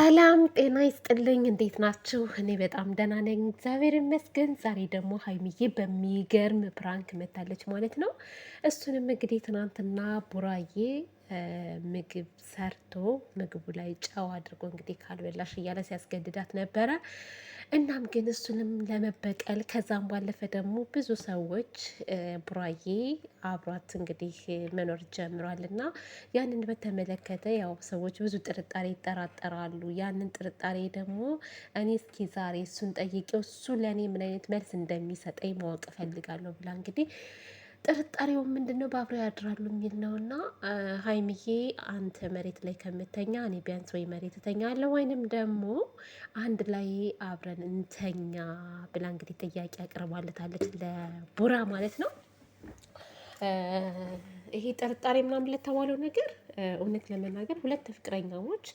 ሰላም ጤና ይስጥልኝ። እንዴት ናችሁ? እኔ በጣም ደህና ነኝ እግዚአብሔር ይመስገን። ዛሬ ደግሞ ሀይሚዬ በሚገርም ፕራንክ መታለች ማለት ነው። እሱንም እንግዲህ ትናንትና ቡራዬ ምግብ ሰርቶ ምግቡ ላይ ጨው አድርጎ እንግዲህ ካልበላሽ እያለ ሲያስገድዳት ነበረ። እናም ግን እሱንም ለመበቀል ከዛም ባለፈ ደግሞ ብዙ ሰዎች ቡራዬ አብሯት እንግዲህ መኖር ጀምሯል እና ያንን በተመለከተ ያው ሰዎች ብዙ ጥርጣሬ ይጠራጠራሉ። ያንን ጥርጣሬ ደግሞ እኔ እስኪ ዛሬ እሱን ጠይቄው እሱ ለእኔ ምን አይነት መልስ እንደሚሰጠኝ ማወቅ እፈልጋለሁ ብላ እንግዲህ ጥርጣሬው ምንድነው በአብረው ያድራሉ የሚል ነው። እና ሀይሚዬ አንተ መሬት ላይ ከምተኛ እኔ ቢያንስ ወይ መሬት እተኛለሁ ወይንም ደግሞ አንድ ላይ አብረን እንተኛ ብላ እንግዲህ ጥያቄ አቅርባለታለች ለቡራ ማለት ነው። ይሄ ጥርጣሬ ምናምን ለተባለው ነገር እውነት ለመናገር ሁለት ፍቅረኛሞች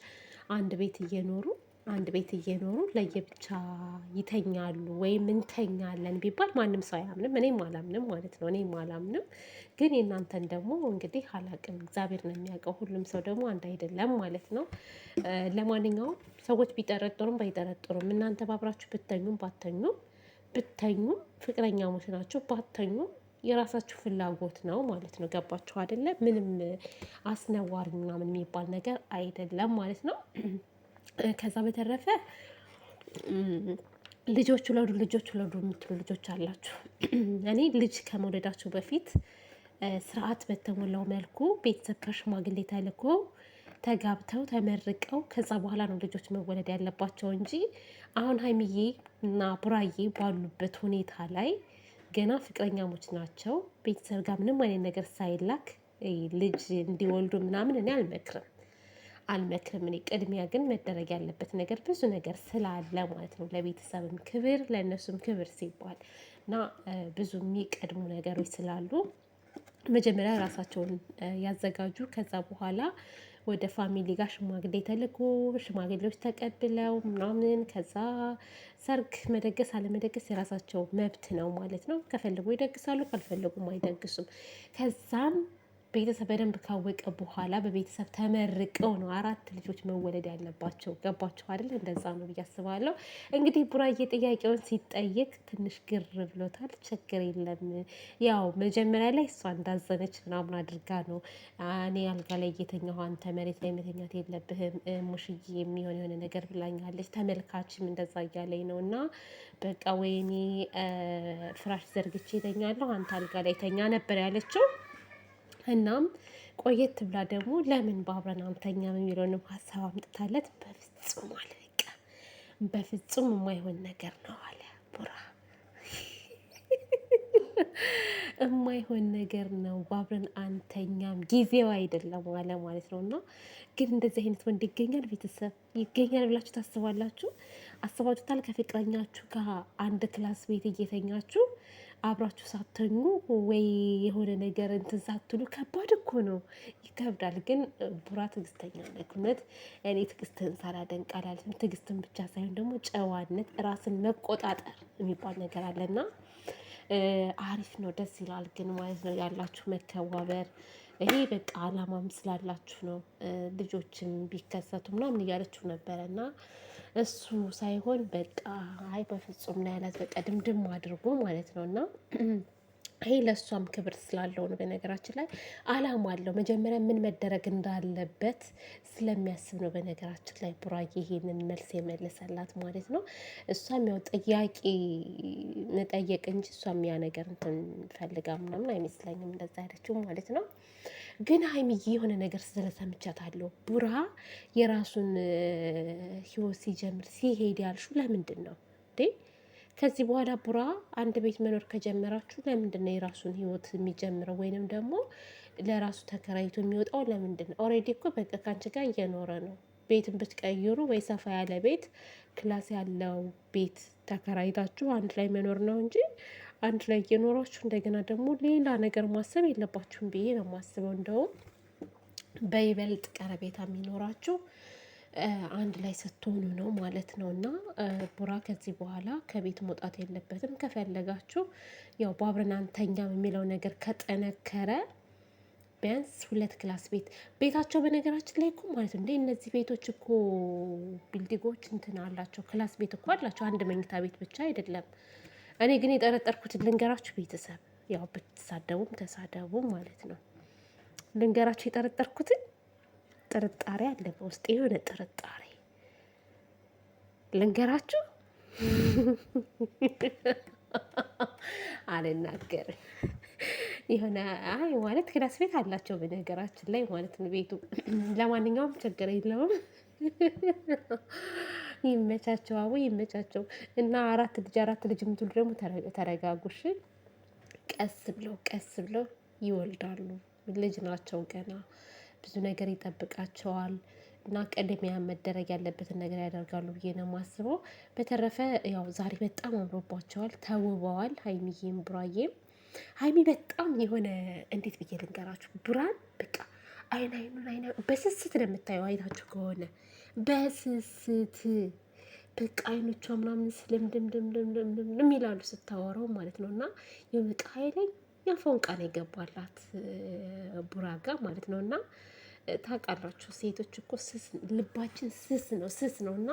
አንድ ቤት እየኖሩ አንድ ቤት እየኖሩ ለየብቻ ይተኛሉ ወይም እንተኛለን ቢባል ማንም ሰው አያምንም። እኔም አላምንም ማለት ነው። እኔም አላምንም፣ ግን የእናንተን ደግሞ እንግዲህ አላቅም። እግዚአብሔር ነው የሚያውቀው። ሁሉም ሰው ደግሞ አንድ አይደለም ማለት ነው። ለማንኛውም ሰዎች ቢጠረጥሩም ባይጠረጥሩም እናንተ ባብራችሁ ብተኙም ባተኙም ብተኙም ፍቅረኛሞች ናቸው ባተኙም የራሳችሁ ፍላጎት ነው ማለት ነው። ገባችሁ አይደለም? ምንም አስነዋሪ ምናምን የሚባል ነገር አይደለም ማለት ነው። ከዛ በተረፈ ልጆች ውለዱ፣ ልጆች ውለዱ የምትሉ ልጆች አላችሁ። እኔ ልጅ ከመውለዳችሁ በፊት ስርዓት በተሞላው መልኩ ቤተሰብ ከሽማግሌ ተልኮ ተጋብተው ተመርቀው ከዛ በኋላ ነው ልጆች መወለድ ያለባቸው እንጂ አሁን ሀይሚዬ እና ቡራዬ ባሉበት ሁኔታ ላይ ገና ፍቅረኛሞች ናቸው። ቤተሰብ ጋር ምንም አይነት ነገር ሳይላክ ልጅ እንዲወልዱ ምናምን እኔ አልመክርም። አልመክርም። እኔ ቅድሚያ ግን መደረግ ያለበት ነገር ብዙ ነገር ስላለ ማለት ነው። ለቤተሰብም ክብር፣ ለእነሱም ክብር ሲባል እና ብዙ የሚቀድሙ ነገሮች ስላሉ መጀመሪያ ራሳቸውን ያዘጋጁ። ከዛ በኋላ ወደ ፋሚሊ ጋር ሽማግሌ ተልኮ ሽማግሌዎች ተቀብለው ምናምን ከዛ ሰርግ መደገስ አለመደገስ የራሳቸው መብት ነው ማለት ነው። ከፈለጉ ይደግሳሉ፣ ካልፈለጉም አይደግሱም። ከዛም ቤተሰብ በደንብ ካወቀ በኋላ በቤተሰብ ተመርቀው ነው አራት ልጆች መወለድ ያለባቸው። ገባችሁ አይደል? እንደዛ ነው ብዬ አስባለሁ። እንግዲህ ቡራዬ ጥያቄውን ሲጠይቅ ትንሽ ግር ብሎታል። ችግር የለም ያው መጀመሪያ ላይ እሷ እንዳዘነች ምናምን አድርጋ ነው እኔ አልጋ ላይ እየተኛሁ አንተ መሬት ላይ መተኛት የለብህም ሙሽዬ የሚሆን የሆነ ነገር ብላኛለች። ተመልካችም እንደዛ እያለኝ ነው እና በቃ ወይኔ ፍራሽ ዘርግቼ ይተኛለሁ አንተ አልጋ ላይ ተኛ ነበር ያለችው። እናም ቆየት ብላ ደግሞ ለምን ባብረን አንተኛ የሚለውንም ሀሳብ አምጥታለት በፍጹም አለ። በቃ በፍጹም የማይሆን ነገር ነው አለ ቡራ። የማይሆን ነገር ነው ባብረን አንተኛም፣ ጊዜው አይደለም አለ ማለት ነው። እና ግን እንደዚህ አይነት ወንድ ይገኛል፣ ቤተሰብ ይገኛል ብላችሁ ታስባላችሁ? አስባችሁታል? ከፍቅረኛችሁ ጋር አንድ ክላስ ቤት እየተኛችሁ አብራችሁ ሳተኙ ወይ የሆነ ነገር እንትን ሳትሉ ከባድ እኮ ነው፣ ይከብዳል። ግን ቡራ ትዕግስተኛ ነው። እውነት እኔ ትዕግስትህን ሳላደንቅ አላልፍም። ትዕግስትን ብቻ ሳይሆን ደግሞ ጨዋነት፣ ራስን መቆጣጠር የሚባል ነገር አለና አሪፍ ነው፣ ደስ ይላል። ግን ማለት ነው ያላችሁ መከባበር ይሄ በቃ አላማም ስላላችሁ ነው። ልጆችም ቢከሰቱ ምናምን እያለችው ነበረ እና እሱ ሳይሆን በቃ አይ በፍጹም ነው ያላት። በቃ ድምድም አድርጎ ማለት ነው እና ይሄ ለእሷም ክብር ስላለው ነው። በነገራችን ላይ አላማ አለው። መጀመሪያ ምን መደረግ እንዳለበት ስለሚያስብ ነው። በነገራችን ላይ ቡራጌ ይሄንን መልስ የመለሰላት ማለት ነው። እሷም ያው ጥያቄ መጠየቅ እንጂ እሷም ያ ነገር እንትን ፈልጋ ምናምን አይመስለኝም እንደዛ ያለችው ማለት ነው። ግን ሀይሚዬ የሆነ ነገር ስለሰምቻታለሁ። ቡራ የራሱን ህይወት ሲጀምር ሲሄድ ያልሹ ለምንድን ነው እንዴ? ከዚህ በኋላ ቡራ አንድ ቤት መኖር ከጀመራችሁ ለምንድን ነው የራሱን ህይወት የሚጀምረው? ወይንም ደግሞ ለራሱ ተከራይቶ የሚወጣው ለምንድን ነው? ኦልሬዲ እኮ በቃ ከአንቺ ጋር እየኖረ ነው። ቤትን ብትቀይሩ ወይ ሰፋ ያለ ቤት፣ ክላስ ያለው ቤት ተከራይታችሁ አንድ ላይ መኖር ነው እንጂ አንድ ላይ እየኖራችሁ እንደገና ደግሞ ሌላ ነገር ማሰብ የለባችሁም ብዬ ነው የማስበው። እንደውም በይበልጥ ቀረቤታ የሚኖራችሁ አንድ ላይ ስትሆኑ ነው ማለት ነው። እና ቡራ ከዚህ በኋላ ከቤት መውጣት የለበትም። ከፈለጋችሁ ያው በአብረን አንተኛም የሚለው ነገር ከጠነከረ ቢያንስ ሁለት ክላስ ቤት ቤታቸው በነገራችን ላይ እኮ ማለት እንደ እነዚህ ቤቶች እኮ ቢልዲንጎች እንትን አላቸው፣ ክላስ ቤት እኮ አላቸው። አንድ መኝታ ቤት ብቻ አይደለም። እኔ ግን የጠረጠርኩትን ልንገራችሁ ቤተሰብ፣ ያው ብትሳደቡም ተሳደቡ ማለት ነው። ልንገራችሁ የጠረጠርኩትን ጥርጣሬ አለ በውስጥ የሆነ ጥርጣሬ ልንገራችሁ። አልናገር የሆነ አይ ማለት ክላስ ቤት አላቸው በነገራችን ላይ ማለት ነው ቤቱ። ለማንኛውም ችግር የለውም። ይመቻቸው። አቡ ይመቻቸው እና አራት ልጅ አራት ልጅ የምትሉ ደግሞ ተረጋጉሽ። ቀስ ብለው ቀስ ብለው ይወልዳሉ። ልጅ ናቸው ገና ብዙ ነገር ይጠብቃቸዋል እና ቅድሚያ መደረግ ያለበትን ነገር ያደርጋሉ ብዬ ነው የማስበው። በተረፈ ያው ዛሬ በጣም አምሮባቸዋል፣ ተውበዋል። ሀይሚዬም ቡራዬም ሀይሚ በጣም የሆነ እንዴት ብዬ ልንገራችሁ ቡራን በቃ አይን አይኑን አይን በስስት ነው የምታየው አይታችሁ ከሆነ በስስት በቃ አይኖቿ ምናምን ስልምድምድምድምድምድም ይላሉ ስታወራው ማለት ነው። እና የምቃ ኃይለኝ ያፈውን ቃል የገባላት ቡራጋ ማለት ነው። እና ታውቃላችሁ ሴቶች እኮ ስስ ልባችን ስስ ነው ስስ ነው። እና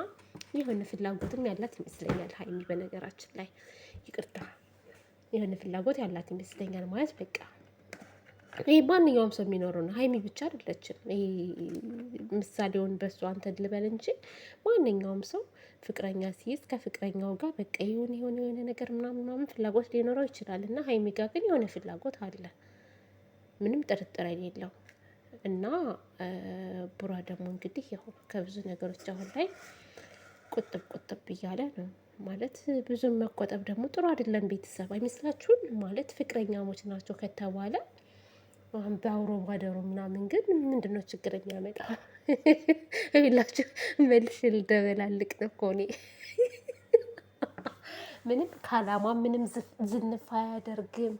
የሆነ ፍላጎትም ያላት ይመስለኛል ሀይሚ በነገራችን ላይ ይቅርታ፣ የሆነ ፍላጎት ያላት ይመስለኛል ማለት በቃ ይሄ ማንኛውም ሰው የሚኖረው ነው። ሀይሚ ብቻ አይደለችም። ይሄ ምሳሌውን በእሱ አንተን ልበል እንጂ ማንኛውም ሰው ፍቅረኛ ሲይዝ ከፍቅረኛው ጋር በቃ የሆነ የሆነ የሆነ ነገር ምናምን ምናምን ፍላጎት ሊኖረው ይችላል እና ሀይሚ ጋር ግን የሆነ ፍላጎት አለ፣ ምንም ጥርጥር የለው እና ቡራ ደግሞ እንግዲህ ያው ከብዙ ነገሮች አሁን ላይ ቁጥብ ቁጥብ እያለ ነው ማለት ብዙም መቆጠብ ደግሞ ጥሩ አይደለም። ቤተሰብ አይመስላችሁም? ማለት ፍቅረኛሞች ናቸው ከተባለ አሁን በአውሮ ባደሮ ምናምን ግን ምንድነው ችግር የሚያመጣ እላችሁ መልሼ ልደበላልቅ ነው እኮ እኔ ምንም ከአላማ ምንም ዝንፍ አያደርግም።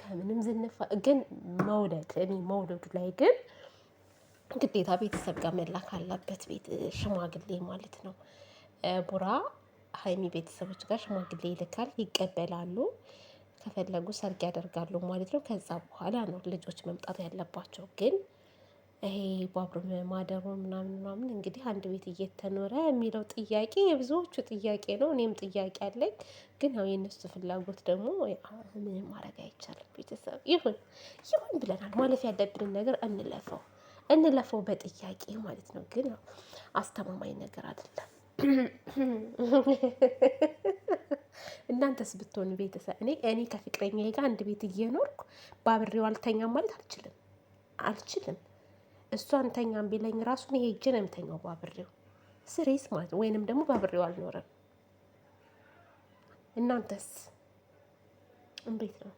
ከምንም ዝንፋ ግን መውለድ እኔ መውለዱ ላይ ግን ግዴታ ቤተሰብ ጋር መላክ አለበት። ቤት ሽማግሌ ማለት ነው። ቡራ ሀይሚ ቤተሰቦች ጋር ሽማግሌ ይልካል፣ ይቀበላሉ። ከፈለጉ ሰርግ ያደርጋሉ ማለት ነው። ከዛ በኋላ ነው ልጆች መምጣት ያለባቸው። ግን ይሄ ባብሮ ማደሮ ምናምን ምናምን እንግዲህ አንድ ቤት እየተኖረ የሚለው ጥያቄ የብዙዎቹ ጥያቄ ነው። እኔም ጥያቄ አለኝ። ግን ያው የእነሱ ፍላጎት ደግሞ ምንም ማድረግ አይቻልም። ቤተሰብ ይሁን ይሁን ብለናል። ማለፍ ያለብንን ነገር እንለፈው እንለፈው በጥያቄ ማለት ነው። ግን አስተማማኝ ነገር አይደለም። እናንተስ ብትሆኑ ቤተሰብ እኔ እኔ ከፍቅረኛ ጋር አንድ ቤት እየኖርኩ ባብሬው አልተኛም ማለት አልችልም አልችልም። እሱ አንተኛም ቢለኝ ራሱ እኔ ሄጄ ነው የምተኛው ባብሬው ስሬስ ማለት ወይንም ደግሞ ባብሬው አልኖረም። እናንተስ እንዴት ነው?